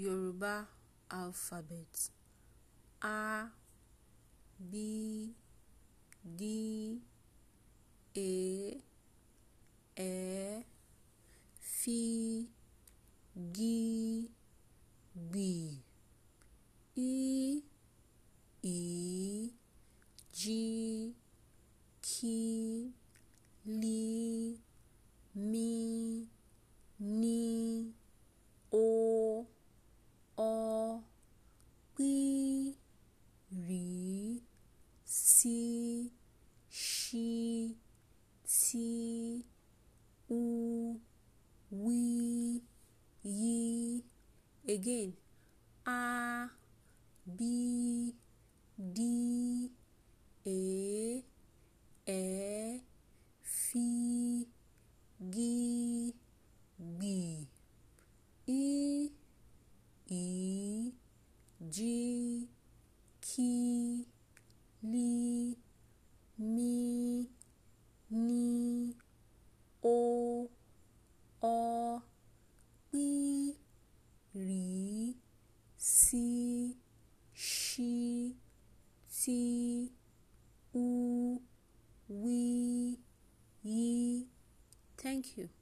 yorùbá alphabet a b d e ẹ f g b i e g k she, she, u, we, ye. Again, a, b, d, e, e, fi, gi, bi. E, e, g, ki, si, u, we, ye. Thank you.